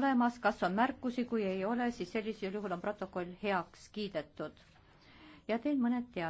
olemas, kas on märkusi, kui ei ole, siis sellisel juhul on protokoll heaks kiidetud. ja teen mõned teadmised.